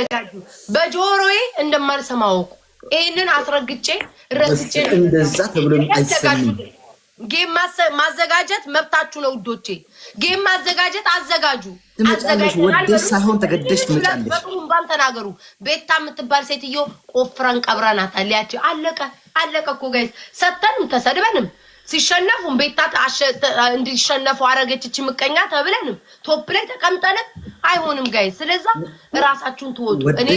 ተዘጋጁ። በጆሮዬ እንደማልሰማ አውቁ። ይህንን አስረግጬ ረስቼ እንደዛ ተብሎ አይሰማም። ጌም ማዘጋጀት መብታችሁ ነው ውዶቼ። ጌም ማዘጋጀት አዘጋጁ። ወደ ሳይሆን ተገደሽ ትመጫለሽ። በጡሩምባም ተናገሩ። ቤታ የምትባል ሴትዮ ቆፍረን ቀብረናታል። ያቸው አለቀ አለቀ እኮ ጋይስ ሰተንም ተሰድበንም ሲሸነፉም ቤታ እንዲሸነፉ አረገችች ምቀኛ ተብለንም ቶፕ ላይ ተቀምጠንም አይሆንም ጋይ። ስለዛ ራሳችሁን ትወጡ። እኔ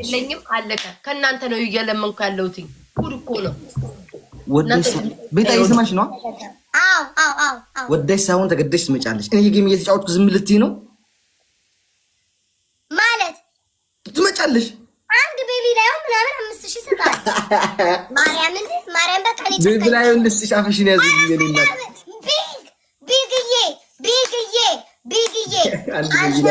የለኝም አለቀ። ከእናንተ ነው እየለመንኩ ያለሁት። እሑድ እኮ ነው ቤታ፣ እየሰማሽ ነው። ወዳሽ ሳይሆን ተገደሽ ትመጫለሽ። እኔ ጌም እየተጫወትኩ ዝም ልትይ ነው ማለት ትመጫለሽ አንድ ቤቢ ላይ ምናምን አምስት ሺህ ይሰጣል። ማርያምን ማርያም በቃ ቤቢ ላይ አምስት ሺህ አፈሽን ያዝ ቢግዬ ቢግዬ ቢግዬ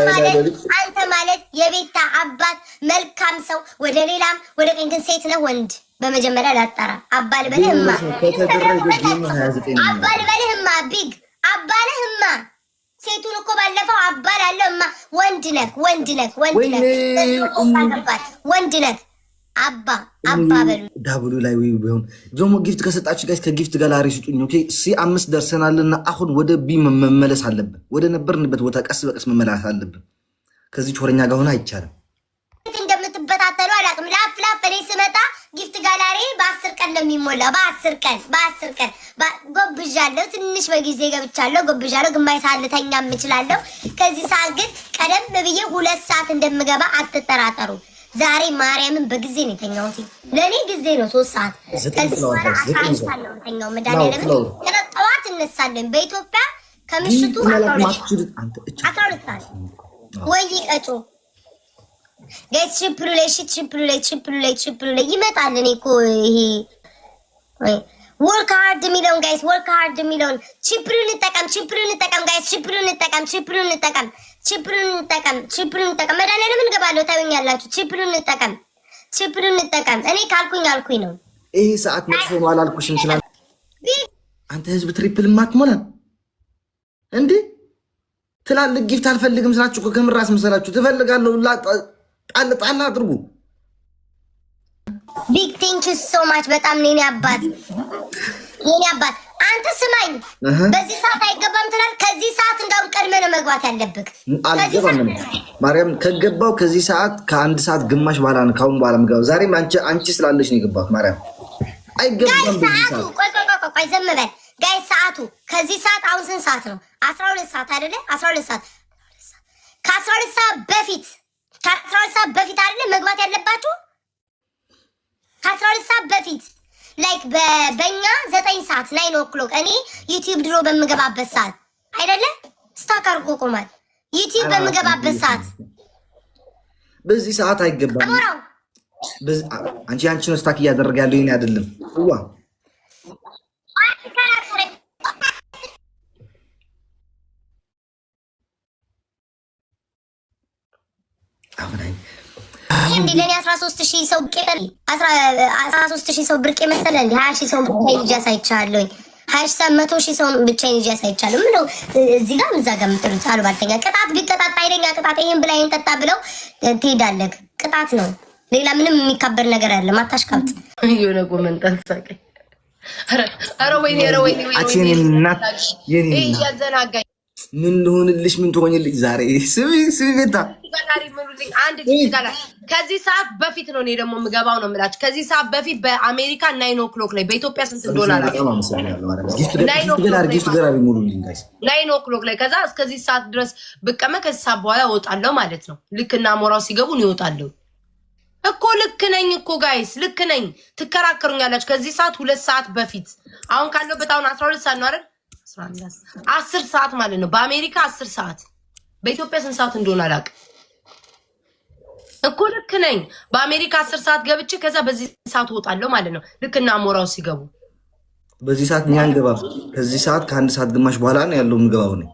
አንተ ማለት የቤታ አባት መልካም ሰው፣ ወደ ሌላም ወደ ቀኝ ግን ሴት ነው ወንድ በመጀመሪያ ላጣራ አባል በልህማ አባል በልህማ ቢግ አባልህማ ሴቱን እኮ ባለፈው አባል አለው እማ ወንድ ነህ ወንድ ነህ ወንድ ነህ ወንድ ነህ አባ አባ በሉ ዳብሉ ላይ ወይ ቢሆን ደግሞ ጊፍት ከሰጣችሁ ጋይስ ከጊፍት ጋር ላሪ ስጡኝ። ኦኬ ሲ አምስት ደርሰናልና አሁን ወደ ቢ መመለስ አለብን። ወደ ነበርንበት ቦታ ቀስ በቀስ መመለስ አለብን። ከዚህ ቾረኛ ጋር ሆነ አይቻልም። ጊፍት ጋላሪ በአስር ቀን ነው የሚሞላ። በአስር ቀን በአስር ቀን ጎብዣለሁ። ትንሽ በጊዜ ገብቻለሁ፣ ጎብዣለሁ። ግማሽ ሰዓት ልተኛ የምችላለሁ። ከዚህ ሰዓት ግን ቀደም ብዬ ሁለት ሰዓት እንደምገባ አትጠራጠሩ። ዛሬ ማርያምን በጊዜ ነው የተኛሁት። ለእኔ ጊዜ ነው ሶስት ሰዓት። ከዚህ በኋላ አሳልፋለሁ ተኛው መድኃኒዓለምን ጠዋት እነሳለን። በኢትዮጵያ ከምሽቱ አስራ ሁለት ሰዓት ወይ ቀጮ ጋይስ ችፕሉ ላይ እሺ፣ ችፕሉ ላይ ችፕሉ ላይ ችፕሉ ላይ ይመጣል። እኔ እኮ ይሄ ወርክ ሃርድ የሚለውን ጋይስ ወርክ ሃርድ የሚለውን ችፕሉ እንጠቀም፣ ችፕሉ እንጠቀም ጋይስ፣ ችፕሉ እንጠቀም፣ ችፕሉ እንጠቀም፣ ችፕሉ እንጠቀም፣ ችፕሉ እንጠቀም። መድኃኒዓለም እንገባለሁ፣ ታዩኛላችሁ። ችፕሉ እንጠቀም፣ ችፕሉ እንጠቀም። እኔ ካልኩኝ አልኩኝ ነው። ይሄ ሰዓት መጥፎ ነው አላልኩሽም? ይችላል አንተ ህዝብ ትሪፕል ማትሞላ እንዴ? ትላልቅ ጊፍት አልፈልግም ስላችሁ ከምራስ መሰላችሁ ትፈልጋለሁ ጣል ጣል አድርጉ። ቢግ ቲንክ ሶ ማች በጣም ነው። የኔ አባት የኔ አባት አንተ ስማኝ፣ በዚህ ሰዓት አይገባም ትላል። ከዚህ ሰዓት እንዳውም ቀድመህ ነው መግባት ያለብህ። አልገባም ማርያም፣ ከገባው ከዚህ ሰዓት ከአንድ ሰዓት ግማሽ በኋላ ነው ካሁን በኋላ የምገባው። ዛሬም አንቺ አንቺ ስላለች ነው የገባሁት። ማርያም አይገባም ቆይ ቆይ ቆይ ቆይ፣ ዝም በል ጋይ። ሰዓቱ ከዚህ ሰዓት አሁን ስንት ሰዓት ነው? አስራ ሁለት ሰዓት አይደለ? አስራ ሁለት ሰዓት ከአስራ ሁለት ሰዓት በፊት ከአስራ ሁለት ሰዓት በፊት አይደለም መግባት ያለባችሁ። ከአስራ ሁለት ሰዓት በፊት ላይክ በእኛ ዘጠኝ ሰዓት ናይን ኦክሎክ እኔ ዩቲዩብ ድሮ በምገባበት ሰዓት አይደለም ስታክ አርጎ ቆማል። ዩቲዩብ በምገባበት ሰዓት በዚህ ሰዓት አይገባም። አንቺ አንቺ ነው ስታክ እያደረገ ያለው ይህን አይደለም ዋ እንዲ ለእኔ አስራ ሶስት ሺህ ሰው ብር አስራ ሶስት ሺህ ሰው ብርቅ መሰለ እንዲ ሀያ ሺህ ሰው ብቻዬን ይዤ አሳይቻለሁኝ። ሀያ ሺህ መቶ ሺህ ሰው ብቻዬን ይዤ አሳይቻለሁ። ምነው እዚህ ጋር እዛ ጋር የምጥሉት አሉባልተኛ ቅጣት ቢቀጣት አይደኛ ቅጣት ይህን ብላ ይህን ጠጣ ብለው ትሄዳለህ። ቅጣት ነው፣ ሌላ ምንም የሚካበር ነገር አለ። ማታሽቃብጥ የሆነ ጎመንጠን ሳቀኝ። ኧረ ወይኔ ኧረ ወይኔ ወይኔ እያዘናጋኝ ምን ልሆንልሽ? ምን ትሆኝልኝ? ዛሬ ስሚ ስሚ ቤታ ከዚህ ሰዓት በፊት ነው እኔ ደግሞ የምገባው ነው የምላችሁ። ከዚህ ሰዓት በፊት በአሜሪካ ናይን ኦክሎክ ላይ በኢትዮጵያ ስንት ዶላርናይን ኦክሎክ ላይ ከዛ እስከዚህ ሰዓት ድረስ ብቀመ ከዚህ ሰዓት በኋላ እወጣለሁ ማለት ነው። ልክ እና ሞራው ሲገቡ ነው ይወጣለሁ እኮ ልክ ነኝ እኮ ጋይስ፣ ልክ ነኝ። ትከራከሩኛላችሁ ከዚህ ሰዓት ሁለት ሰዓት በፊት አሁን ካለበት አሁን አስራ ሁለት ሰዓት ነው አይደል አስር ሰዓት ማለት ነው። በአሜሪካ አስር ሰዓት በኢትዮጵያ ስንት ሰዓት እንደሆነ አላውቅም እኮ ልክ ነኝ። በአሜሪካ አስር ሰዓት ገብቼ ከዛ በዚህ ሰዓት እወጣለሁ ማለት ነው። ልክ እና አሞራው ሲገቡ በዚህ ሰዓት እኛ አንገባም። ከዚህ ሰዓት ከአንድ ሰዓት ግማሽ በኋላ ነው ያለው የምገባው ነው።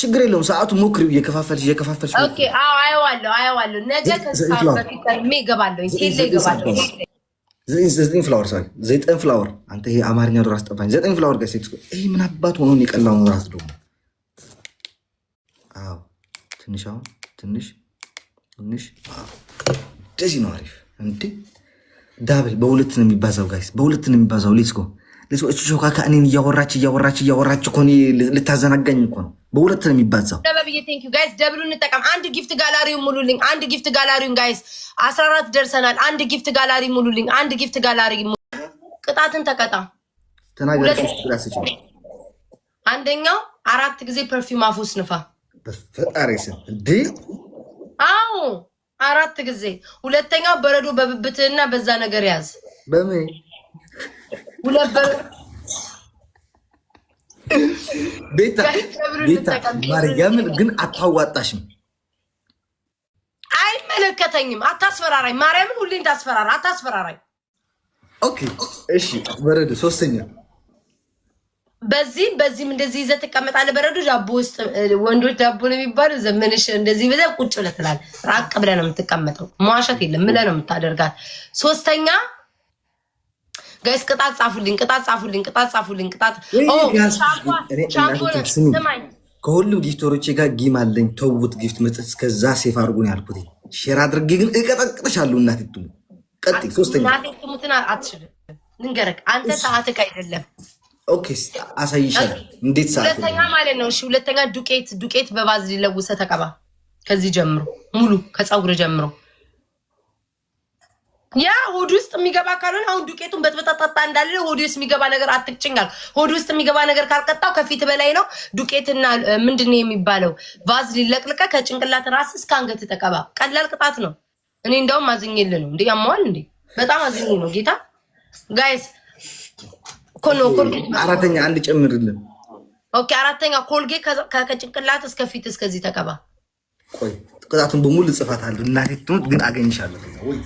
ችግር የለውም። ሰዓቱ ሞክሪው፣ እየከፋፈልሽ እየከፋፈልሽ። ኦኬ አዎ፣ አየዋለሁ፣ አየዋለሁ። ነገ ከዚህ በፊት ቀድሜ እገባለሁ፣ ሄለ እገባለሁ ዘጠኝ ፍላወር ሰ ዘጠኝ ፍላወር አንተ ይሄ አማርኛ ዶር አስጠፋኝ። ዘጠኝ ፍላወር ጋ ሴክስ ይሄ ምን አባት ሆኖን የቀላው ነው ራስ ደግሞ። አዎ ትንሽ አሁን ትንሽ ትንሽ እንደዚህ ነው አሪፍ እንዴ። ዳብል በሁለት ነው የሚባዛው ጋይስ፣ በሁለት ነው የሚባዛው። ሌትስ ጎ ለሰዎች ሾካ እኔን እያወራች እያወራች እያወራች እኮ ልታዘናጋኝ እኮ ነው። በሁለት ነው የሚባዛው። ጋይስ ደብሉ እንጠቀም። አንድ ጊፍት ጋላሪ ሙሉልኝ። አንድ ጊፍት ጋላሪውን ጋይስ አስራ አራት ደርሰናል። አንድ ጊፍት ጋላሪ ሙሉልኝ። አንድ ጊፍት ጋላሪ ቅጣትን ተቀጣ። አንደኛው አራት ጊዜ ፐርፊውም አፉ ስንፋ። በፈጣሪ ስም እንዴ! አዎ አራት ጊዜ። ሁለተኛው በረዶ በብብትህና በዛ ነገር ያዝ በምን ቤታ ማርያምን ግን አታዋጣሽም። አይመለከተኝም። አታስፈራራኝ። ማርያምን ሁሌ እንዳስፈራራ አታስፈራራኝ። ኦኬ እሺ። በረዶ ሶስተኛ በዚህም በዚህም እንደዚህ ይዘህ ትቀመጣለህ። በረዶ ዳቦ ውስጥ ወንዶች ዳቦ ነው የሚባለው። ዘመንሽ እንደዚህ ብለህ ቁጭ ብለህ ትላለህ። ራቅ ብለህ ነው የምትቀመጠው። መዋሸት የለም። ምለህ ነው የምታደርጋት። ሶስተኛ ጋይስ ቅጣት ጻፉልኝ፣ ቅጣት ጻፉልኝ፣ ቅጣት ጻፉልኝ። ቅጣት ከሁሉም ጊፍተሮቼ ጋር ጊም አለኝ። ተውት ጊፍት መስጠት እስከዛ ሴፍ አድርጎን ያልኩት ሼር አድርጌ ግን እቀጠቅጥሻለሁ። እናቴ ትሙ ቀጥይ። ሶስተኛ ሙትን አትችልም። ልንገረክ አንተ ሰዓትህ አይደለም። ኦኬ አሳይሻለሁ እንዴት ሰዓት። ሁለተኛ ማለት ነው። እሺ ሁለተኛ ዱቄት ዱቄት በባዝ ሊለውሰ ተቀባ። ከዚህ ጀምሮ ሙሉ ከፀጉር ጀምሮ ያ ሆድ ውስጥ የሚገባ ካልሆነ አሁን ዱቄቱን በጥበጣጣጣ እንዳለ ሆድ ውስጥ የሚገባ ነገር አትቅጭኛል። ሆድ ውስጥ የሚገባ ነገር ካልቀጣው ከፊት በላይ ነው። ዱቄትና ምንድን የሚባለው ቫዝ ሊለቅልቀ ከጭንቅላት ራስ እስከ አንገት ተቀባ። ቀላል ቅጣት ነው። እኔ እንደውም አዝኝል ነው እንዴ ያማዋል እንዴ በጣም አዝኝ ነው ጌታ ጋይስ ኮኖ አራተኛ አንድ ጨምርልን። ኦኬ አራተኛ ኮልጌ ከጭንቅላት እስከ ፊት እስከዚህ ተቀባ። ቆይ ቅጣቱን በሙሉ ጽፋታለሁ እናቴ ትሙት ግን አገኝሻለሁ ወይ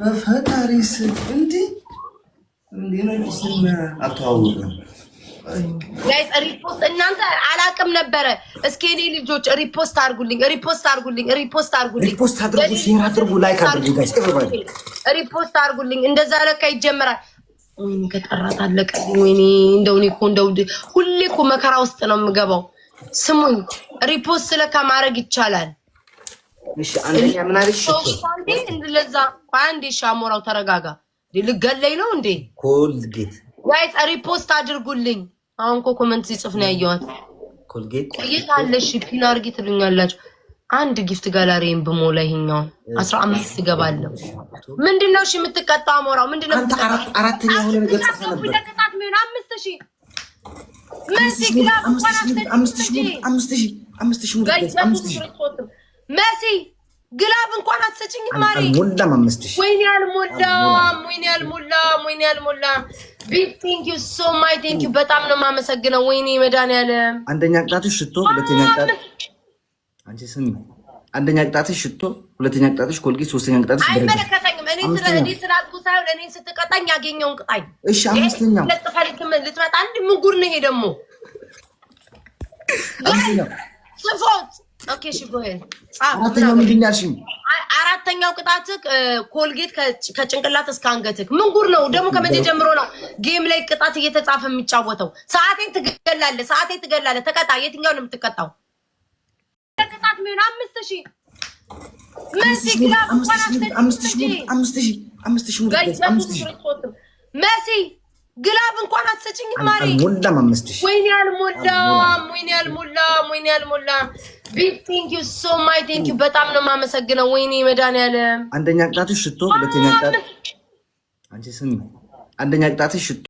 በፈጣሪስ ሪፖስት እናንተ አላቅም ነበረ። እስኪ እኔ ልጆች ሪፖስት አድርጉልኝ፣ ሪፖስት አድርጉልኝ፣ ሪፖስት አድርጉልኝ፣ ሪፖስት አድርጉልኝ። እንደዛ ለካ ይጀምራል። ወይኔ ከጠራት ወይኔ እንደው እኔ እኮ እንደው ሁሌ እኮ መከራ ውስጥ ነው የምገባው። ስሙኝ ሪፖስት ለካ ማድረግ ይቻላል። እሺ አንደኛ ምን አለሽ? ለዛ አንዴ ሻሞራው ተረጋጋ። ልገለኝ ነው እንዴ? ኮልጌት ጋይስ ሪፖስት አድርጉልኝ። አሁን እኮ ኮመንት ሲጽፍ ነው ያየዋት። ኮልጌት ቆየት አለሽ ፒን አድርጊ ትሉኛላችሁ። አንድ ጊፍት ጋላሪን ብሞላ ይሄኛውን አስራ አምስት እገባለሁ። ምንድነው እሺ የምትቀጣው? አሞራው ምንድነው? አራተኛ ሆነ ነገር ጽፈ ነበር። አምስት ሺህ ምን ሲግላ አምስት ሺህ አምስት ሺህ አምስት ሺህ መሲ ግላብ እንኳን አትሰጭኝ ማሪ። አልሞላም አምስት ወይኔ አልሞላም፣ ወይኔ አልሞላም፣ ወይኔ አልሞላም። ቢግ ቴንክ ዩ ሶ ማይ ቴንክ ዩ። በጣም ነው የማመሰግነው። ወይኔ መድኃኒዓለም። አንደኛ ቅጣትሽ ሽቶ፣ ሁለተኛ ቅጣት አንቺ ስም አንደኛ ቅጣትሽ ሽቶ፣ ሁለተኛ ቅጣትሽ ኮልጌት፣ ሶስተኛ ቅጣትሽ አይመለከተኝም። እኔ ስለ እኔ ስላልኩ ሳይሆን እኔ ስትቀጣኝ ያገኘውን ቅጣኝ። እሺ አምስተኛው ልትመጣ አንድ ምጉር ነው ይሄ ደግሞ ጽፎት ኦኬ እሺ፣ አራተኛው ምንድን ነው ያልሽኝ? አራተኛው ቅጣትህ ኮልጌት ከጭንቅላት እስከ አንገትህ። ምን ጉር ነው ደግሞ? ከመቼ ጀምሮ ነው ጌም ላይ ቅጣት እየተጻፈ የሚጫወተው? ሰዓቴን ትገላለህ፣ ሰዓቴን ትገላለህ። ተቀጣ። የትኛው ነው የምትቀጣው? ቅጣት የሚሆን አምስት ሺህ መሲ ግላብ እንኳን አትሰጭኝ ማሪ። ሞላም አምስት ሺህ ወይኔ አልሞላም፣ ወይኔ አልሞላም፣ ወይኔ አልሞላም። ቢግ ቴንክ ዩ ሶ ማይ ቴንክ ዩ። በጣም ነው የማመሰግነው። ወይኔ መድኃኒዓለም። አንደኛ ቅጣትሽ ሽቶ፣ ሁለተኛ ቅጣት አንቺ ስም አንደኛ ቅጣትሽ ሽቶ